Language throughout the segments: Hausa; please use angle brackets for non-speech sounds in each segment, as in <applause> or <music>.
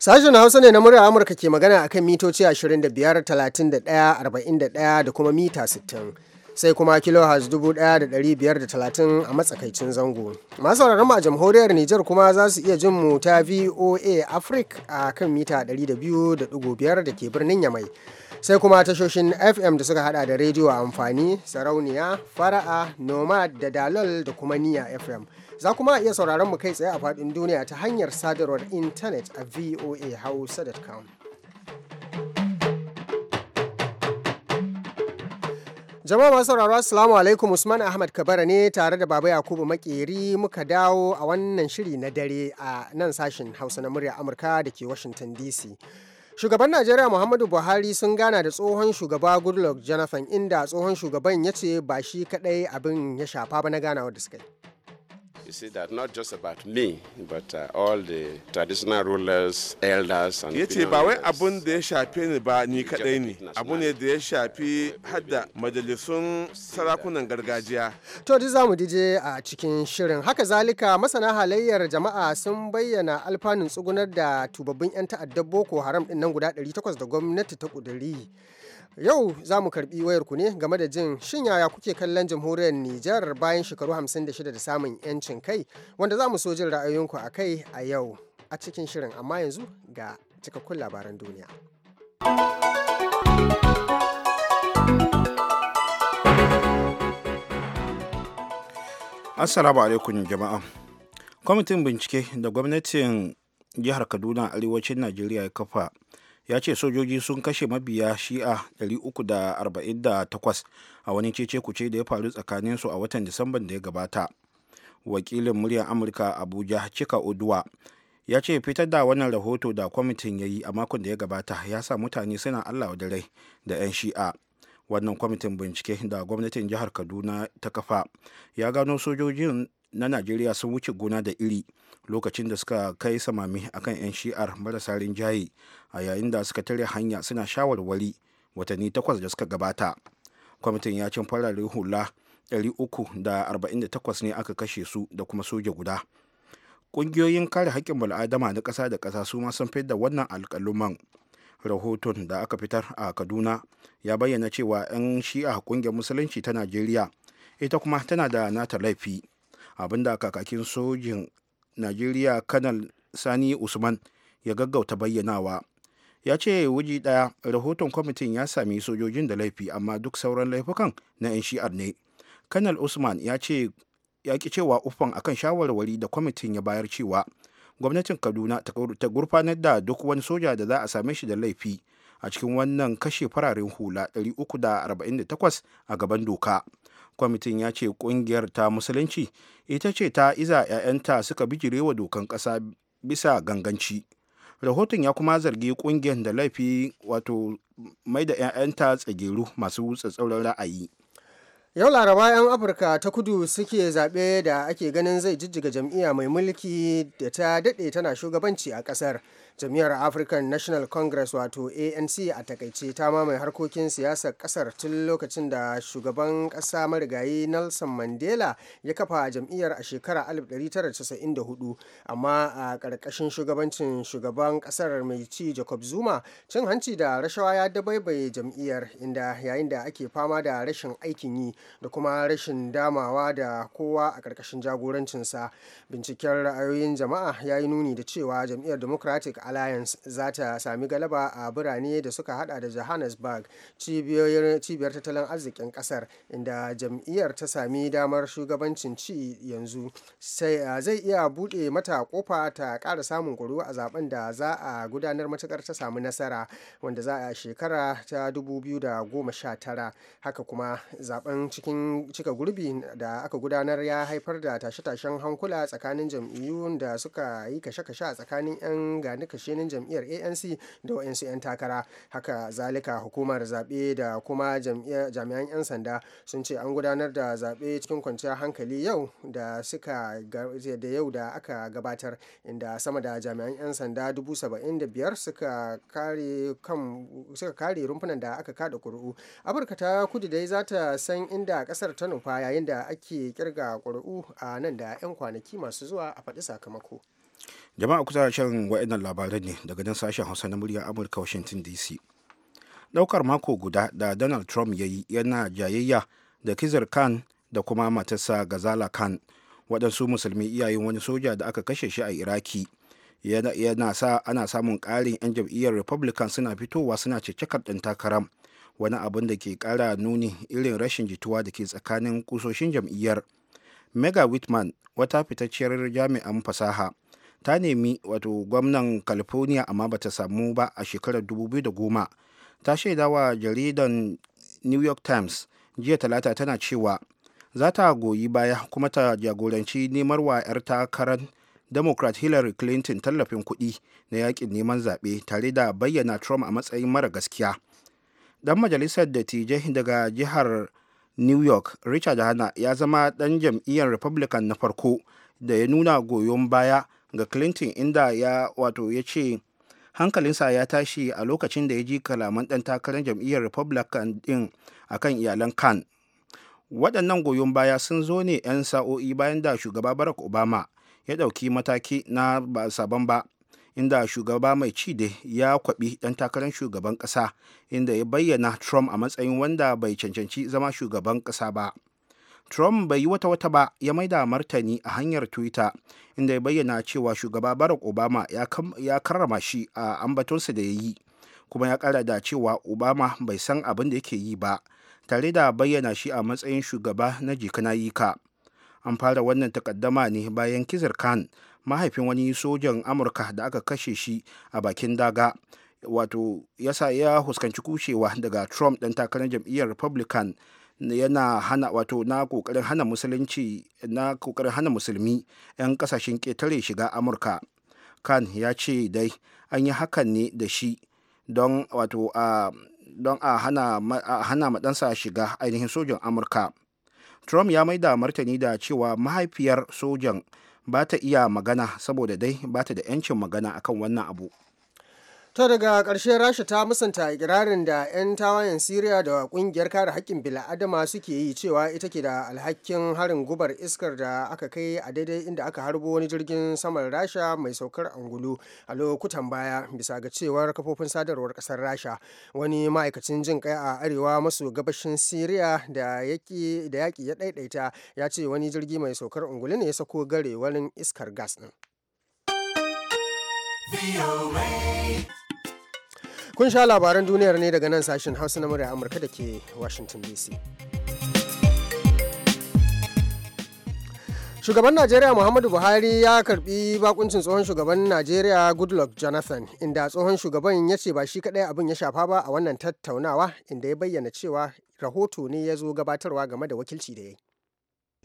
Sashen Hausa ne na murya Amurka ke magana akan mitoci 25, 31, 41 da kuma mita 60. sai kuma kilohertz 1530 a matsakaicin zango. Masu sauraron a jamhuriyar Nijar kuma za su iya jin mu ta VOA Africa a kan mita 200.5 da ke birnin Yamai. Sai kuma tashoshin FM da suka hada da rediyo amfani, sarauniya, fara'a, nomad da dalol da kuma niya FM. Za kuma a iya sauraron mu kai tsaye a faɗin duniya ta hanyar sadarwar intanet a voahausa.com. Jama'a masu sauraro Assalamu alaikum Usman Ahmad Kabara ne tare da Baba Yakubu Makeri muka dawo a wannan shiri na dare a nan sashen Hausa na murya Amurka da ke Washington DC. Shugaban Najeriya Muhammadu Buhari sun gana da tsohon shugaba Goodluck Jonathan inda tsohon shugaban ya ce ba shi kadai abin ya shafa ba na ganawa da suka yi. You see that not just about me, but uh, all the traditional rulers, elders and Yace ba wai abun da ya shafe ni ba ni kadai ne. Abu ne da ya shafi hadda majalisun sarakunan gargajiya. To duk zamu dije a cikin shirin. Haka zalika masana halayyar jama'a sun bayyana alfanun tsugunar da tubabbin 'yan ta'addar Boko Haram din nan guda 800 da gwamnati ta kuduri. Yau za mu karbi wayarku ne game da jin shin yaya kuke kallon jamhuriyar Nijar bayan shekaru 56 da samun 'yancin kai wanda za mu so jin ra'ayoyinku a kai a yau a cikin shirin amma yanzu ga cikakkun labaran duniya. Assalamu alaikum jama'a. Kwamitin bincike da gwamnatin jihar Kaduna arewacin Najeriya ya kafa ya ce sojoji sun kashe mabiya shi'a 348 a wani cece kuce da ya faru tsakanin su a watan disamban da ya gabata wakilin muryar amurka abuja cika oduwa ya ce fitar da wannan rahoto da kwamitin ya yi a makon da ya gabata ya sa mutane suna allah da rai da 'yan shi'a wannan kwamitin bincike da gwamnatin jihar kaduna ta kafa ya gano sojojin na najeriya sun wuce gona da iri lokacin da suka kai samami a kan 'yan shi'ar marasa rinjaye a yayin da suka tare hanya suna shawarwari watanni takwas da suka gabata kwamitin ya cin fararen hula 348 ne aka kashe su da kuma soja guda ƙungiyoyin kare haƙƙin bal'adama na ƙasa da ƙasa su ma sun da wannan alƙaluman rahoton da aka fitar a kaduna ya bayyana cewa 'yan shi'a ƙungiyar musulunci ta najeriya ita kuma tana da nata laifi abinda kakakin sojin najeriya kanal sani usman ya gaggauta bayyanawa ya ce wuji daya rahoton kwamitin ya sami sojojin da laifi amma duk sauran laifukan na 'yan shi'ar ne kanal usman ya ce ya ki cewa ufan akan shawarwari da kwamitin ya bayar cewa gwamnatin kaduna ta gurfanar da duk wani soja da za a same shi da laifi a cikin wannan kashe fararen hula 348 a gaban doka kwamitin ya ce kungiyar ta musulunci ita ce ta iza 'ya'yanta suka bijire wa dokan ƙasa bisa ganganci rahoton ya kuma zargi kungiyar da laifi wato mai da 'ya'yanta tsageru masu tsatsauran ra'ayi yau laraba 'yan afirka ta kudu suke zaɓe da ake ganin zai jijjiga jam'iyya mai mulki da ta daɗe tana shugabanci a ƙasar jam'iyyar african national congress wato anc a takaice ta mamaye harkokin siyasar kasar tun lokacin da shugaban kasa marigayi nelson mandela ya kafa jam'iyyar a shekara 1994 amma a ƙarƙashin shugabancin shugaban kasar mai ci jacob zuma cin hanci da rashawa ya dabaibaye jam'iyyar inda yayin da ake fama da rashin aikin yi da kuma rashin damawa da kowa a ƙarƙashin jagorancinsa binciken ra'ayoyin jama'a ya yi nuni da cewa jam'iyyar democratic alliance za ta sami galaba a birane da suka hada da johannesburg cibiyar tattalin arzikin kasar inda jam'iyyar ta sami damar shugabancin ci yanzu sai zai iya bude mata kofa ta kara samun kuru a zaben da za a gudanar matukar ta samu nasara wanda za a shekara ta 2019 haka kuma zaben cikin cika gurbi da aka gudanar ya haifar da tashe-tashen hankula tsakanin jam'iyyun da suka yi kashe-kashe a tsakanin 'yan ganika kashenin jam'iyyar anc da wa'insu 'yan takara haka zalika hukumar zaɓe da kuma jami'an 'yan sanda sun ce an gudanar da zaɓe cikin kwanciyar hankali yau da suka da yau da aka gabatar inda sama da jami'an 'yan sanda dubu saba'in da biyar suka kare kare rumfunan da aka kada kuri'u amurka ta kudu dai za ta san inda ƙasar ta nufa yayin da ake kirga ƙuri'u a nan da 'yan kwanaki masu zuwa a faɗi sakamako. jama'a kusa shan wa'annan labaran ne daga nan sashen hausa na murya amurka washington dc daukar mako guda da donald trump ya yi yana jayayya da kizar khan da kuma matarsa gazala khan waɗansu musulmi iyayen wani soja da aka kashe shi a iraki yana sa ana samun ƙarin 'yan jam'iyyar republican suna fitowa suna cikakar ɗin takaram wani abin da ke ƙara nuni irin rashin jituwa da ke tsakanin kusoshin jam'iyyar mega whitman wata fitacciyar jami'an fasaha ta nemi wato gwamnan california amma ba ta samu ba a shekarar 2010 ta shaida wa jaridan new york times jiya talata tana cewa za ta goyi baya kuma ta jagoranci nemar wa 'yar takarar democrat hillary clinton tallafin kuɗi na yakin neman zaɓe tare da bayyana trump a matsayin mara gaskiya dan majalisar dattijai daga jihar new york richard hanna ya zama dan jam'iyyar republican na farko da ya nuna goyon baya ga clinton inda ya wato ya ce hankalinsa ya tashi a lokacin da ya ji kalaman ɗan takarar jam'iyyar republican din a kan iyalan khan waɗannan goyon baya sun zo ne 'yan sa'o'i bayan da shugaba barack obama ya ɗauki mataki na ba sabon ba inda shugaba mai ci da ya kwaɓi ɗan takarar shugaban ƙasa inda ya bayyana trump a matsayin wanda bai cancanci zama shugaban ƙasa ba Trump bai yi wata wata ba ya maida martani a hanyar Twitter inda ya bayyana cewa shugaba Barack Obama ya karrama shi a ambatonsa da ya yi kuma ya kara da cewa Obama bai san abin da yake yi ba tare da bayyana shi a matsayin shugaba na yika An fara wannan takaddama ne bayan Kizir Khan mahaifin wani sojan Amurka da aka kashe shi a bakin daga wato yasa ya huskanci kushewa daga Trump ɗan takarar jam'iyyar Republican yana hana wato na kokarin hana musulunci na kokarin hana musulmi 'yan kasashen ketare shiga amurka kan ya ce dai an yi hakan ne da shi don wato a don a hana maɗansa shiga ainihin sojan amurka trump ya maida martani da cewa mahaifiyar sojan ba ta iya magana saboda dai ba ta da 'yancin magana akan wannan abu. ta daga karshen rasha ta musanta ikirarin da 'yan tawayen siriya da ƙungiyar kare haƙƙin bil'adama suke yi cewa ita ke da alhakin harin gubar iskar da aka kai a daidai inda aka harbo wani jirgin saman rasha mai saukar angulu a lokutan baya bisa ga cewar kafofin sadarwar ƙasar rasha wani ma'aikacin jin kai a arewa maso gabashin siriya da yaƙi ya ɗaiɗaita ya ce wani jirgi mai saukar angulu ne ya sako garewar iskar gas ɗin. Kun sha labaran duniyar ne daga nan sashen Hausa na murya Amurka da ke Washington DC. Shugaban Najeriya Muhammadu Buhari ya karbi bakuncin tsohon shugaban Najeriya Goodluck Jonathan inda tsohon shugaban ya ce ba shi kadai abin ya shafa ba a wannan tattaunawa inda ya bayyana cewa rahoto ne ya zo gabatarwa game da wakilci da ya yi.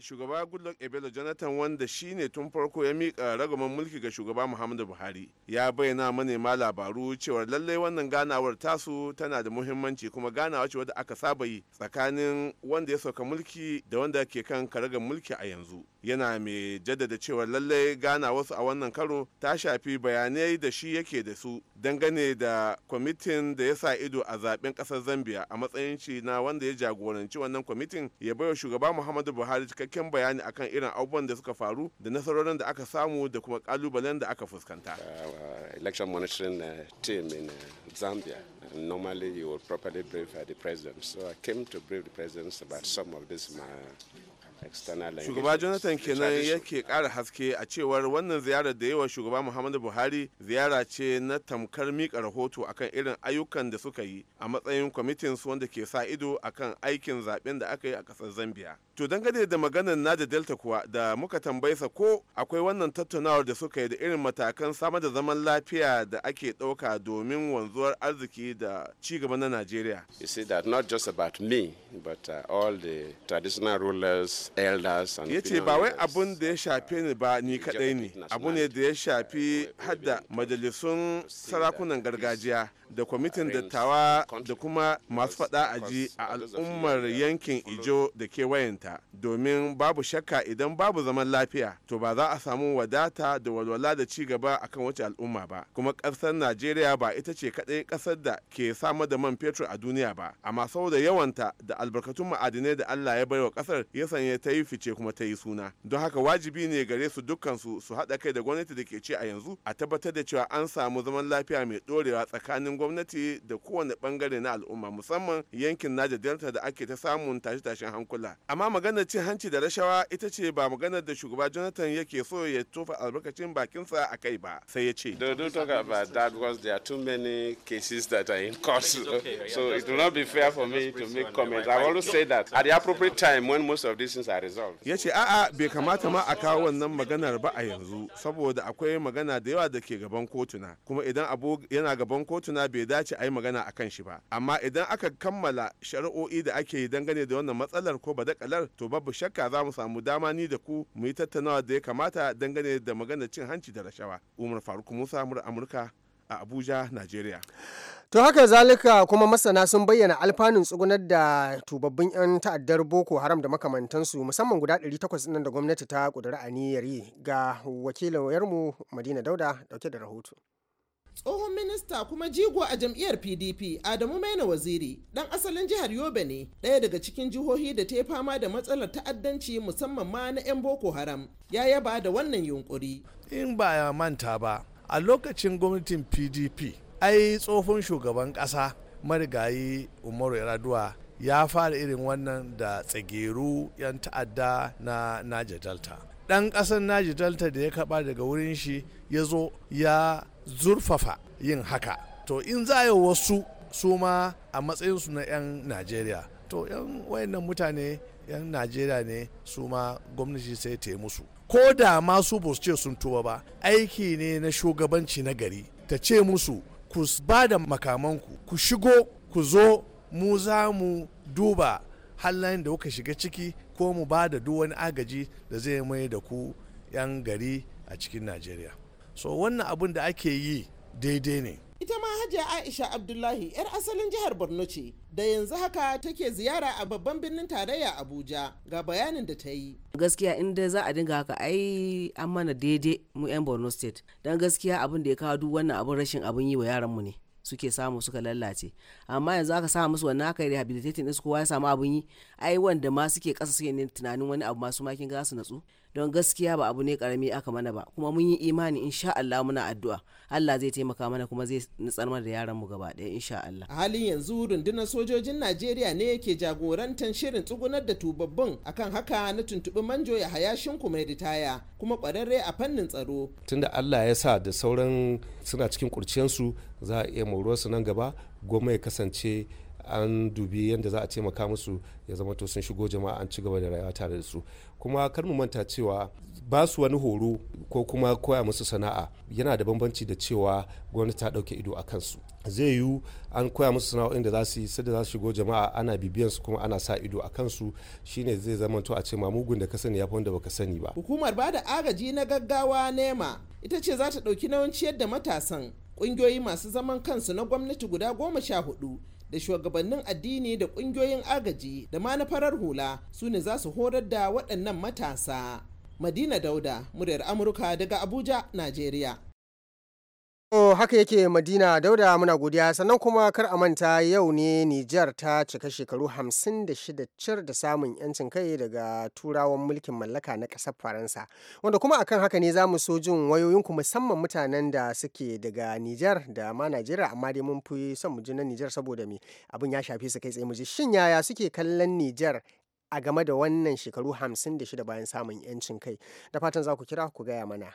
shugaba goodluck ebele jonathan wanda shine tun farko ya mika ragaman mulki ga shugaba muhammadu buhari ya bayyana manema labaru cewa lallai wannan ganawar tasu tana da muhimmanci kuma ganawa ce wadda aka saba yi tsakanin wanda ya sauka mulki da wanda ke kan karagan mulki a yanzu yana mai jaddada cewa lallai gana wasu a wannan karo ta shafi bayanai da shi yake da su dangane da kwamitin da ya sa ido a zaben kasar zambia a matsayin shi na wanda ya jagoranci wannan kwamitin ya baiwa shugaba muhammadu buhari cikakken bayani akan irin abubuwan da suka faru da nasarorin da aka samu da kuma kalubalen da aka fuskanta. Uh, uh, election monitoring uh, team in Zambia. normally you will properly brief the president. So I came to brief the president about some of these external shugaba jonathan kenan yake kara haske a cewar wannan ziyarar da yawa shugaba muhammadu buhari ziyara ce na tamkar mika rahoto akan irin ayyukan da suka yi a matsayin kwamitin su wanda ke sa ido akan aikin zaben da aka yi a kasar zambia to dangane da maganar na da delta kuwa da muka tambayesa ko akwai wannan tattaunawar da suka yi da irin matakan samar da zaman lafiya da ake ɗauka domin wanzuwar arziki da ci gaba na najeriya you see that not just about me but uh, all the traditional rulers elders and ya ba wai abun da ya shafe ni ba ni kadai ne abu ne da ya shafi hadda majalisun sarakunan gargajiya da kwamitin dattawa da kuma masu faɗa ji a al'ummar yankin ijo da kewayenta domin babu shakka idan babu zaman lafiya to ba za a samu wadata da walwala da ci gaba akan wace al'umma ba kuma ƙasar najeriya ba ita ce kadai ƙasar da ke samar da man fetur a duniya ba amma saboda yawanta da albarkatun ma'adinai da allah ya bai wa ƙasar ya sanya ta yi fice kuma ta yi suna don haka wajibi ne gare su dukkan su su haɗa kai da gwamnati da ke ci a yanzu a tabbatar da cewa an samu zaman lafiya mai dorewa tsakanin gwamnati da kowane bangare na al'umma musamman yankin naja delta da ake ta samun tashe-tashen hankula amma maganar cin hanci da rashawa ita ce ba maganar da shugaba jonathan yake so ya tofa albarkacin bakinsa a kai ba sai ya ce so it will not be fair for me to make comments i always say that at the appropriate time when most of these cases are resolved ya ce a'a bai kamata ma a kawo wannan maganar ba a yanzu saboda akwai magana da yawa da ke gaban kotuna kuma idan abu yana gaban kotuna bai dace a yi magana a kan shi ba amma idan aka kammala shari'o'i da ake yi dangane da wannan matsalar ko badakalar to babu shakka za mu samu dama ni da ku mu yi tattaunawa da ya kamata dangane da maganar cin hanci da rashawa umar faruk musa amurka a abuja nigeria To haka zalika kuma masana sun bayyana alfanun tsugunar da tubabbin 'yan ta'addar Boko Haram da makamantansu musamman guda 800 nan da gwamnati ta kudura aniyar yi ga wakilin wayarmu Madina Dauda dauke da rahoto. tsohon minista kuma jigo a jam'iyyar pdp adamu maina waziri dan asalin jihar yobe ne ɗaya daga cikin jihohi da ta fama da matsalar ta'addanci musamman ma na 'yan boko haram ya yaba da wannan yunkuri in ba ya manta ba a lokacin gwamnatin pdp ai tsohon shugaban ƙasa marigayi umaru yaraduwa ya fara irin wannan da tsageru 'yan ta'adda na naji delta ɗan ƙasar naji delta da ya kaba daga wurin shi ya zo ya zurfafa yin haka to in za a yi wasu su ma a matsayinsu na 'yan najeriya to 'yan wayannan mutane 'yan najeriya ne su ma gwamnati sai ta yi musu ko da masu su ce sun tuba ba aiki ne na shugabanci na gari ta ce musu ku ba da makamanku ku shigo ku zo mu za mu duba halayen da kuka shiga ciki ko mu ba da duk wani agaji da zai mai da ku 'yan gari a cikin najeriya so wannan abin da ake yi daidai ne ita ma hajiya aisha abdullahi 'yar asalin jihar borno ce da yanzu haka take ziyara a babban birnin tarayya abuja ga bayanin da ta yi gaskiya inda za a dinga haka ai an mana daidai mu 'yan borno state don gaskiya abin da ya kawo duk wannan abin rashin abin yi wa mu ne suke samu suka lallace amma yanzu aka sa musu wannan aka rehabilitating din su kowa ya samu abin yi ai wanda ma suke kasa suke tunanin wani abu masu makin ga su natsu don gaskiya ba abu ne karami aka mana ba kuma mun yi imani insha Allah muna addu'a Allah zai taimaka mana kuma zai nutsar da yaran mu gaba ɗaya insha Allah a halin yanzu rundunar sojojin Najeriya ne yake jagorantar shirin tsugunar da tubabbun akan haka na tuntubi manjo ya hayashin ku mai ritaya kuma kwararre a fannin tsaro tunda Allah ya sa da sauran suna cikin kurciyansu za a iya moruwarsu nan gaba goma ya kasance an dubi yadda za a taimaka musu ya zama to sun shigo jama'a an ci gaba da rayuwa tare da su kuma kar mu manta cewa ba su wani horo ko kuma koya musu sana'a yana da bambanci da cewa gwamnati ta dauke ido a kansu zai yiwu an koya musu sana'o'in da za su sai da za su shigo jama'a ana bibiyan su kuma ana sa ido a kansu shine zai zama to a ce ma mugun da ka sani ya fi wanda baka sani ba hukumar ba da agaji na gaggawa nema ita ce za ta ɗauki nauyin ciyar da matasan kungiyoyi masu zaman kansu na gwamnati guda goma sha hudu da shugabannin addini da ƙungiyoyin agaji da ma na farar hula su ne za su horar da waɗannan matasa madina dauda muryar amurka daga abuja najeriya To haka yake Madina Dauda muna godiya sannan kuma kar a manta yau ne Nijar ta cika shekaru 56 cir da samun yancin kai daga turawan mulkin mallaka na kasar Faransa. Wanda kuma akan haka ne za mu so jin wayoyinku musamman mutanen da suke daga Nijar da ma Najeriya amma dai mun fi son mu ji na Nijar saboda me abin ya shafi su kai tsaye mu ji shin yaya suke kallon Nijar a game da wannan shekaru 56 bayan samun yancin kai. Da fatan za ku kira ku gaya mana.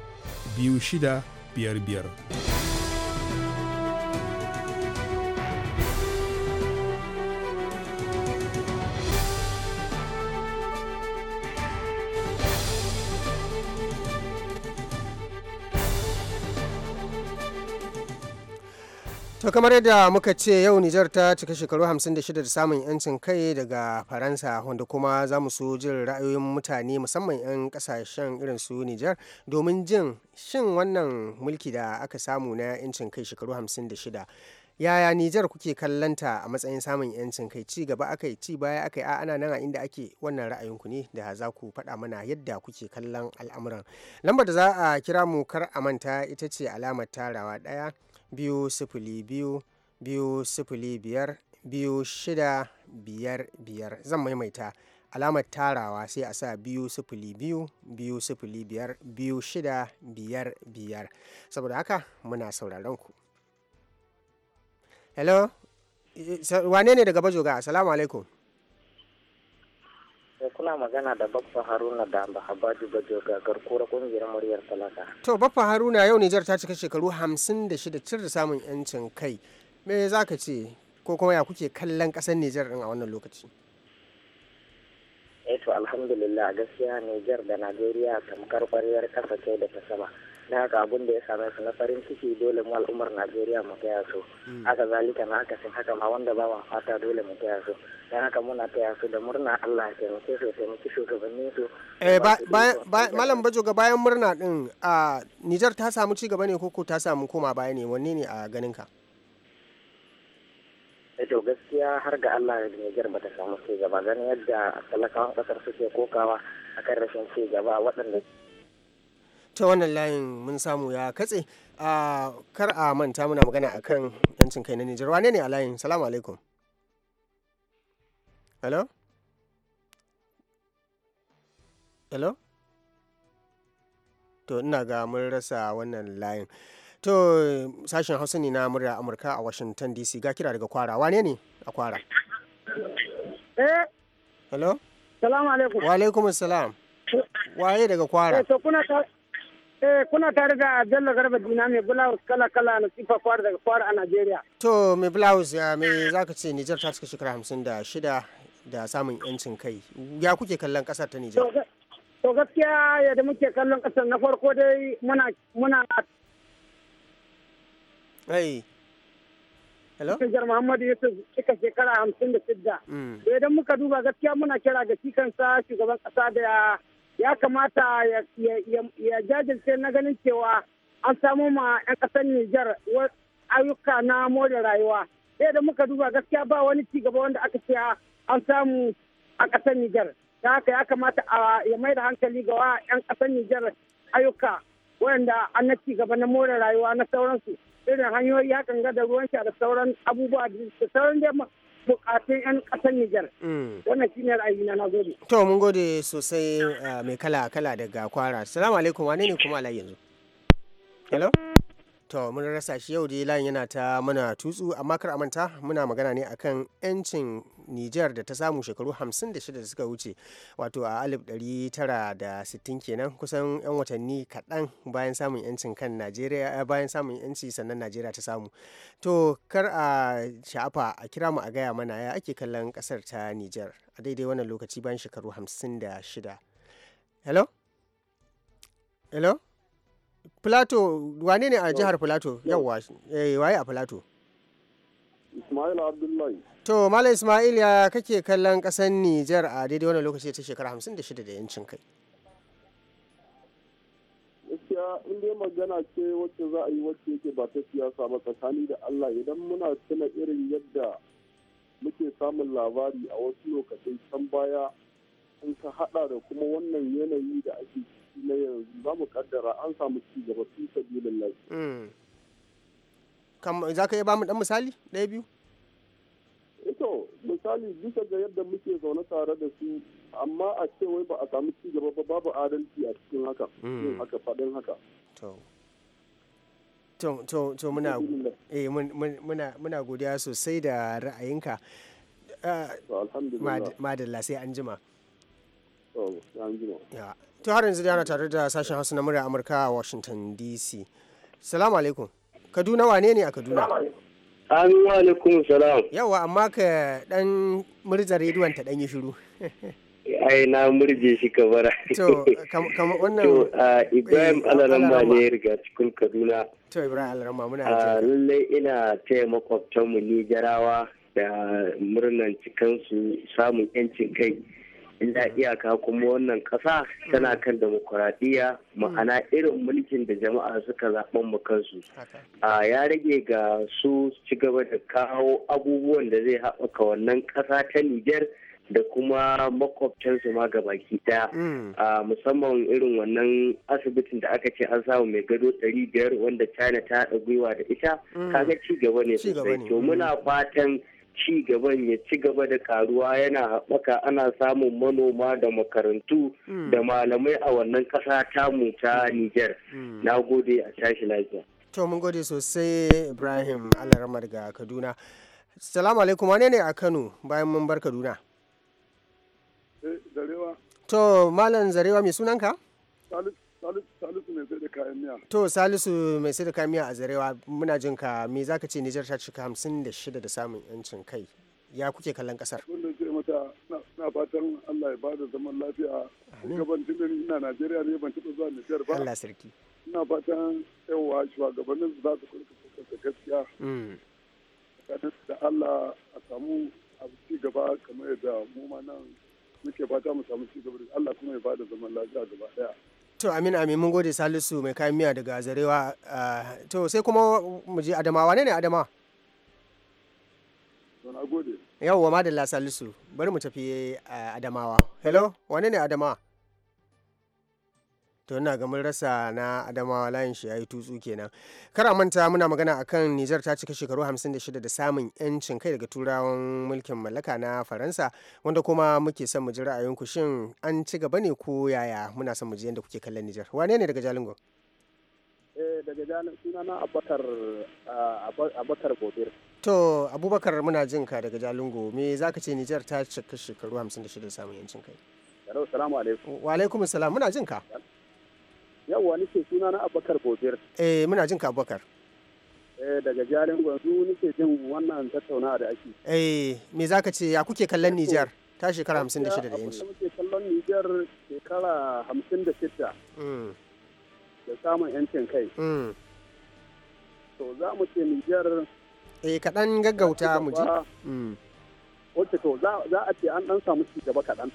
2655 To kamar yadda muka ce yau Nijar ta cika shekaru 56 da samun 'yancin kai daga Faransa wanda kuma za mu so jin ra'ayoyin mutane musamman 'yan kasashen irin su Nijar domin jin shin wannan mulki da aka samu na 'yancin kai shekaru 56 yaya Nijar kuke kallanta a matsayin samun 'yancin kai ci gaba aka yi ci baya aka yi a ana nan a inda ake wannan ra'ayinku ne da za ku faɗa mana yadda kuke kallon al'amuran. Lambar da za a kira mu kar a manta ita ce alamar tarawa ɗaya biyu sifili biyu biyu sifili biyar biyu shida biyar biyar zan maimaita alamar tarawa sai a sa biyu sifili biyu biyu sifili biyar biyu shida biyar biyar saboda haka muna sauraron ku hello wane ne daga bajoga assalamu alaikum Eh, kuna magana da Baffa Haruna da Habaju Bajo gagar kura kungiyar muryar talaka. To Baffa Haruna yau Nijar ta cika shekaru 56 cir da samun yancin kai. Me za ka ce ko kuma ya kuke kallon ƙasar Nijar din a wannan lokaci? Eh to alhamdulillah gaskiya Nijar da Najeriya tamkar kwariyar kasa ce da ta sama. na haka abin da ya same su na farin ciki dole mu al'ummar najeriya mu taya su mm. haka zalika na haka sun haka ma wanda ba fata dole mu taya su dan haka muna taya su da murna allah ya taimake su ya taimaki shugabannin su eh malam bajo ga bayan murna din a nijar ta samu ci gaba ne ko ta samu koma baya ne wanne ne a ganin ka eh, to gaskiya har ga Allah ya Niger bata samu ci gaba ganin yadda talakawan kasar suke kokawa akan rashin ci gaba waɗanda ta wannan layin mun samu ya katse a kar a manta muna magana akan yancin kai na Nijar wane ne a layin salamu alaikum hello hello to ina ga mun rasa wannan layin to sashen hausa ne na murya amurka a washington dc ga kira daga kwara wane ne a kwara eh. hello salamu alaikum wa alaikum salam waye daga kwara eh, Eh kuna tare da Bello Garba Dina mai blouse kala kala na sifa kwar daga kwar a Nigeria. To mai blouse ya mai zaka ce Nijar ta cika shekara hamsin da shida da samun yancin kai. Ya kuke kallon kasar ta Nijar? To gaskiya yadda muke kallon kasar na farko dai muna muna Hey. Hello? Nijar Muhammadu Yusuf cika shekara hamsin da shida. Mm. Idan muka duba gaskiya muna kira ga shi kansa shugaban kasa da ya kamata ya jajirce na ganin cewa an samu ma 'yan kasar Nijar ayyuka na more rayuwa. Sai da muka duba gaskiya ba wani ci gaba wanda aka ce an samu a kasar Nijar. Ta haka ya kamata ya mai da hankali ga 'yan kasar Nijar ayyuka wanda an na ci na more rayuwa na sauransu. Irin hanyoyi ya ganga da ruwan sha da sauran abubuwa da sauran bukatun 'yan kasar Nijar. Mm. Wannan shi ne ra'ayi na nagode. To mun gode sosai eh, mai kala kala daga kwara. Salamu alaikum wane ne kuma alayi yanzu? Hello? to mun rasa shi yau dai layin yana ta mana tutsu amma kar manta muna magana ne akan yancin Nijar da ta samu shekaru 56 da suka wuce wato a 1960 kenan kusan 'yan watanni kaɗan bayan samun yancin kan Najeriya eh, bayan samun yanci sannan Najeriya ta samu to kar a shafa a kira mu a gaya mana ya ake kallon kasar ta Nijar a daidai wannan lokaci bayan shekaru 56 hello hello Plato wane ne a jihar Plato? Yawwa, eh waye a Plato? Ismail Abdullahi. To Malam Ismail ya kake kallon ƙasar Nijar a daidai wannan lokaci ta shekara 56 da yancin kai. gaskiya in dai magana ce wacce za a yi wacce yake ba ta siyasa ba tsakani da Allah idan muna tuna irin yadda muke samun labari a wasu lokacin can baya in ka hada da kuma wannan yanayi da ake mataki na yanzu za mu kaddara an samu ci gaba fi sabilin lafi. Hmm. za ka iya ba mu dan misali ɗaya biyu? ito eh misali bisa ga yadda muke zaune tare da su amma a ce wai ba a samu ci gaba ba babu adalci a cikin haka hmm. yin haka faɗin haka to to to muna eh muna muna godiya sosai da ra'ayinka Uh, alhamdulillah madalla sai an jima oh an jima Yeah. to har yanzu ana tare da sashen hausa na murya amurka a washington dc salamu alaikum kaduna wane ne a kaduna amin wa alaikum salam yawa amma ka dan murza rediyon ta dan yi shiru <laughs> ai na murje shi ka bara to kamar wannan <laughs> to ibrahim eh, alaramba ne riga cikin kaduna to ibrahim alaramba muna lallai ina taya makwabtanmu nijarawa da murnan cikansu samun yancin kai illa iyaka kuma wannan kasa tana kan demokuraɗiyya ma'ana irin mulkin da jama'a suka zaɓen mu kansu a ya rage ga su ci gaba da kawo abubuwan da zai haɓaka wannan kasa ta nijar da kuma makwabtansu ma ga baki daya mm. a musamman irin wannan asibitin da aka ce an samu mai gado 500 wanda china ta haɗa gwiwa da ita mm. kaga ci gaba ne sosai to muna mm. fatan ci gaban ya ci gaba da karuwa yana haɓaka ana samun manoma da makarantu hmm. da malamai a wannan ƙasa ta ta hmm. Nijar. Hmm. Na gode a tashi lafiya. To mun gode sosai Ibrahim Alaramar ga Kaduna. Salamu alaikum wane ne a Kano bayan mun bar Kaduna? Eh, to Malam Zarewa mai sunanka? Salisu Salisu mai sai da kayan miya. To Salisu mai sai da kayan miya a zarewa muna jin ka me za ka ce Nijar ta cika hamsin da shida da samun yancin kai. Ya kuke kallon kasar? Wanda ce mata na fatan Allah ya ba da zaman lafiya. Gabancin din ina Najeriya ne ban taɓa zuwa Nijar ba. Allah sarki. Ina fatan yawa shugabannin su za su kurkuta gaskiya. Mm. Da Allah a samu abu ci gaba kamar yadda mu ma nan muke fata mu samu ci gaba da Allah kuma ya ba da zaman lafiya gaba daya. to amin amin mun gode salisu mai kayan miya daga zarewa ah, to sai kuma mu je Adama wane ne ne adamawa yawwa madalla salisu bari mu tafi ah, adamawa hello wane ne adamawa to ina ga mun rasa na adamawa layin shi yayi tutsu kenan kar a manta muna magana akan Nijar ta cika shekaru 56 da samun yancin kai daga turawan mulkin mallaka na Faransa wanda kuma muke son mu ji ku shin an ci gaba ne ko yaya muna son mu ji yadda kuke kallon Nijar wane ne daga Jalingo eh daga Jalingo sunana Abubakar ah, Abubakar Gobir to Abubakar muna jin ka daga Jalingo me zaka ce Nijar ta cika shekaru 56 da samun yancin kai Salamu alaikum. Wa alaikum salam muna jin ka. yawwa nake suna na abubakar bobir eh muna jin ka abubakar eh daga jalin gwanzu nike jin wannan tattaunawa da ake eh me zaka ce ya kuke kallon Nijar ta shekara hamsin da shida da muke kallon Nijar shekara hamsin da shida mm. da samun yancin kai mm. to za mu ce Nijar eh kaɗan gaggauta mu ji wacce mm. to za a ce an ɗan samu ci gaba kaɗan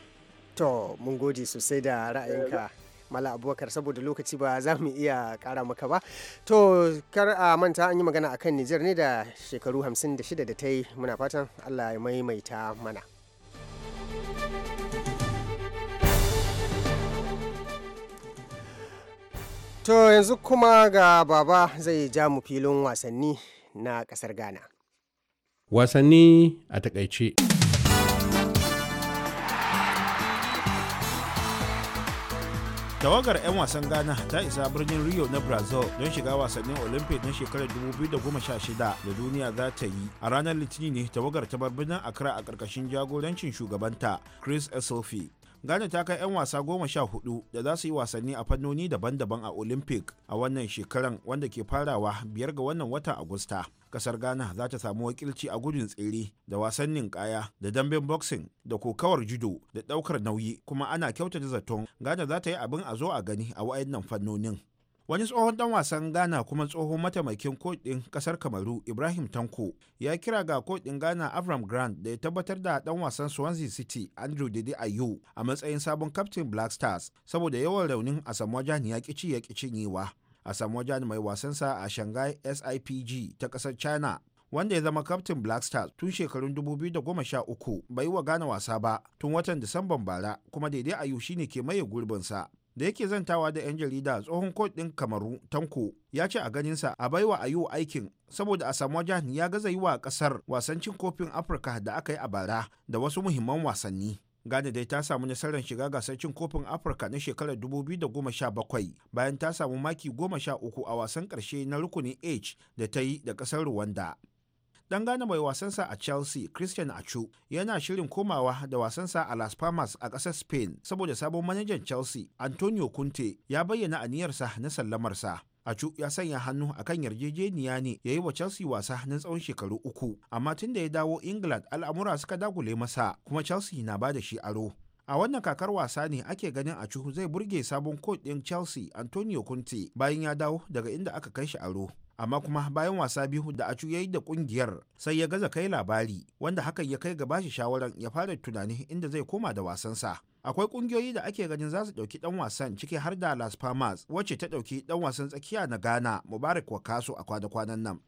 to mun gode sosai da ra'ayinka eh, mala abubakar saboda lokaci ba za mu iya kara maka ba to kar a manta an yi magana akan nijar ne da shekaru 56 da ta yi muna fatan allah ya maimaita mana to yanzu kuma ga baba zai ja mu filin wasanni na kasar ghana wasanni a takaice tawagar 'yan wasan ghana ta isa birnin rio na brazil don shiga wasannin olympic na shekarar 2016 da duniya za ta yi a ranar litinin ne tawagar ta bar birnin accra a ƙarƙashin jagorancin shugabanta chris esofi Ghana ta kai 'yan wasa goma sha hudu da za su yi wasanni a fannoni daban-daban a Olympic a wannan shekaran wanda ke farawa biyar ga wannan watan Agusta. Kasar Ghana za ta samu wakilci a gudun tsere da wasannin kaya da damben boxing da kokawar judo da daukar nauyi kuma ana kyautata zaton Ghana za ta yi abin a zo a gani a wa'annan fannonin. wani tsohon dan wasan ghana kuma tsohon mataimakin kodin kasar kamaru ibrahim tanko ya kira ga kodin ghana avram grant da ya tabbatar da dan wasan swansea city andrew dede ayu a matsayin sabon captain black stars saboda yawan raunin a samuwa jani ya kici ya kici yiwa a samuwa mai wasansa a shanghai sipg ta kasar china wanda ya zama captain black stars tun shekarun 2013 bai wa ghana wasa ba tun watan disamban bara kuma daidai ayu shine ke maye gurbinsa da yake zantawa da 'yan jarida tsohon kot ɗin kamaru tanko ya ce a ganinsa a baiwa ayu aikin saboda a samu wajen ya gaza yi wa ƙasar wasan cin kofin afirka da aka yi a bara da wasu muhimman wasanni Ghana dai ta samu nasarar shiga gasar cin kofin Afirka na shekarar 2017 bayan ta samu maki 13 a wasan ƙarshe na rukunin H da ta yi da ƙasar Rwanda. dan gane mai wasansa a chelsea christian achu yana shirin komawa da wasansa a las palmas a ƙasar spain saboda sabon manajan chelsea antonio conte ya bayyana aniyarsa na sallamarsa achu ya sanya hannu a kan yarjejeniya ne ya yi wa chelsea wasa na tsawon shekaru uku amma tun da ya dawo england al'amura suka dagule masa kuma chelsea na bada da shi aro a wannan kakar wasa ne ake ganin achu zai burge sabon kot ɗin chelsea antonio conte bayan ya dawo daga inda aka kai shi aro amma kuma bayan wasa biyu da a yayi da kungiyar sai ya gaza kai labari wanda hakan ya kai ga bashi shawaran ya fara tunani inda zai koma da wasansa akwai kungiyoyi da ake ganin za su dauki dan wasan ciki har da las palmas wacce ta dauki dan wasan tsakiya na ghana mubarak wakaso a kwana-kwanan nan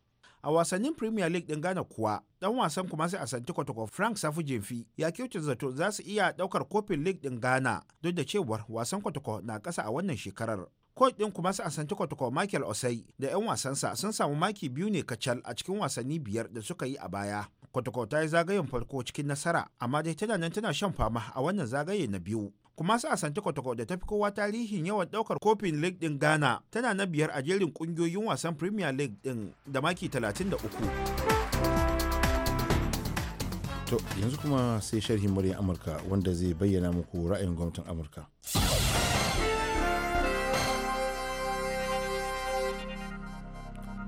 a wasannin premier league din ghana kuwa dan wasan kuma sai a asanti kwatakwa frank safu jimfi ya kyautar zato za su iya daukar kofin league din ghana duk da cewar wasan kwatakwa na kasa a wannan shekarar Coach ɗin kuma su asanti kwatakwa Michael Osei da 'yan wasansa sun samu maki biyu ne kacal a cikin wasanni biyar da suka yi a baya. Kwatakwa ta yi zagayen farko cikin nasara amma dai tana nan tana shan fama a wannan zagaye na biyu. kuma su asanti kwatakwa da ta fi kowa tarihin yawan ɗaukar kofin league din ghana tana na biyar a jerin kungiyoyin wasan premier league din da maki 33 to yanzu kuma sai sharhin murya amurka wanda zai bayyana muku ra'ayin gwamnatin amurka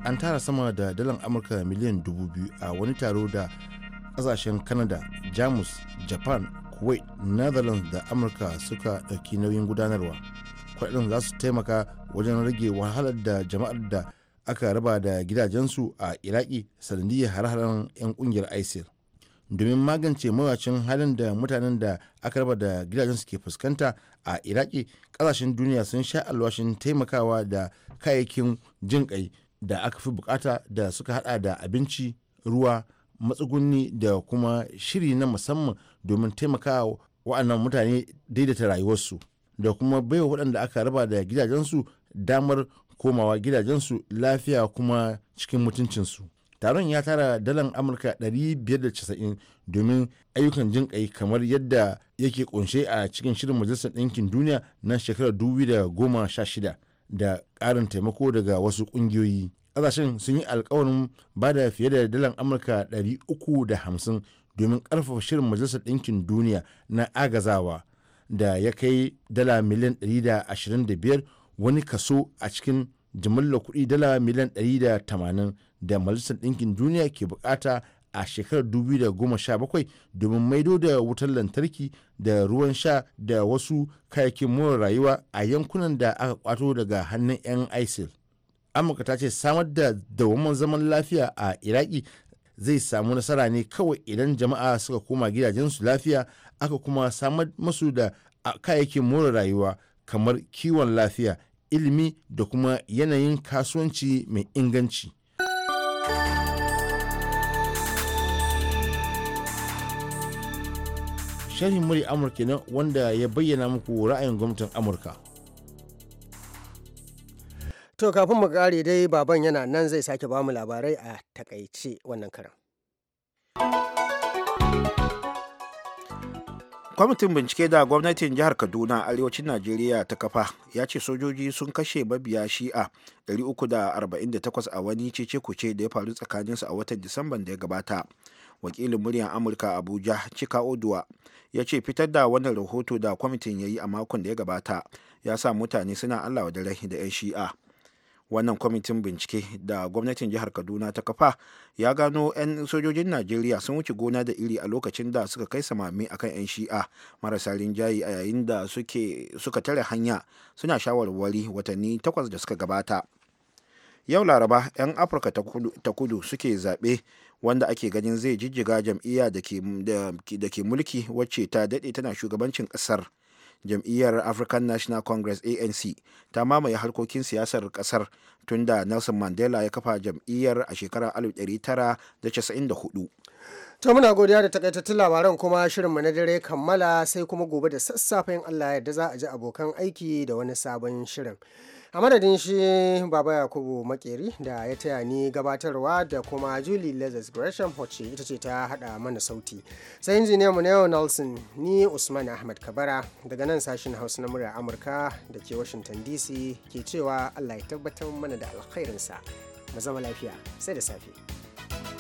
an tara sama da dalar amurka miliyan dubu biyu a wani taro da kasashen canada jamus japan kuwait netherlands da amurka suka ɗauki nauyin gudanarwa kwaɗin za su taimaka wajen rage wahalar da jama'ar da aka raba da gidajensu a iraki sanadiyar har-haren 'yan ƙungiyar isil domin magance mawacin halin da mutanen da aka raba da gidajensu ke fuskanta a iraki ƙasashen duniya sun sha alwashin taimakawa da kayayyakin jin ƙai da aka fi bukata da suka hada da abinci ruwa matsugunni da kuma shiri na musamman domin taimakawa wa'annan mutane daidaita rayuwarsu da kuma baiwa waɗanda aka raba da gidajensu damar komawa gidajensu lafiya kuma cikin mutuncinsu taron ya tara dalan amurka 590 domin ayyukan jin kai kamar yadda yake kunshe a cikin shirin majalisar ɗinkin duniya na shekarar 2016 da ƙarin taimako daga wasu ƙungiyoyi ƙasashen sun yi alkawarin ba da fiye da dalar amurka 350 domin ƙarfafa shirin majalisar ɗinkin duniya na agazawa da ya kai dala miliyan 125 wani kaso a cikin jimillar kuɗi dala miliyan 180 da majalisar ɗinkin duniya ke bukata a shekarar 2017 domin maido da wutar lantarki da ruwan sha da wasu kayakin mura rayuwa a yankunan da aka kwato daga hannun 'yan isil amurka ta ce samar da dawamin zaman lafiya a iraki zai samu nasara ne kawai idan jama'a suka koma gidajensu lafiya aka kuma samar masu da kayayyakin more rayuwa kamar kiwon lafiya ilimi da kuma yanayin kasuwanci mai inganci. sharhin murya amurka ne wanda ya bayyana muku ra'ayin gwamnatin amurka to kafin mu kare dai baban yana nan zai sake ba mu labarai a takaice wannan karan kwamitin bincike da gwamnatin jihar kaduna arewacin najeriya ta kafa ya ce sojoji sun kashe mabiya shi'a 348 a wani cece kuce da ya faru tsakaninsu a watan disamban da ya gabata wakilin muryar amurka abuja cika oduwa ya ce fitar da wannan rahoto da kwamitin ya yi a makon da ya gabata ya sa mutane suna allah da rahi da 'yan shi'a wannan kwamitin bincike da gwamnatin jihar kaduna ta kafa ya gano 'yan sojojin najeriya sun wuce gona da iri a lokacin da suka kai samami akan 'yan shi'a marasa rinjaye a yayin da suka tare hanya suna shawarwari watanni takwas da suka gabata yau laraba 'yan afirka ta kudu suke zaɓe wanda ake ganin zai jijjiga jam'iyya da ke mulki wacce ta daɗe tana shugabancin ƙasar jam'iyyar african national congress anc ta mamaye harkokin siyasar ƙasar tunda nelson mandela ya kafa jam'iyyar a shekarar 1994 To muna godiya da takaitattun labaran kuma shirinmu na dare kammala sai kuma gobe da sassafen Allah yadda za a ji abokan aiki da wani sabon shirin. A madadin shi Baba Yakubu Makeri da ya taya ni gabatarwa da kuma Julie Lazarus Gresham Hoci ita ce ta haɗa mana sauti. Sai injiniyan mu Neo Nelson ni Usman Ahmad Kabara daga nan sashen Hausa na murya Amurka da ke Washington DC ke cewa Allah ya tabbatar mana da alkhairinsa. Mu zama lafiya sai da safe.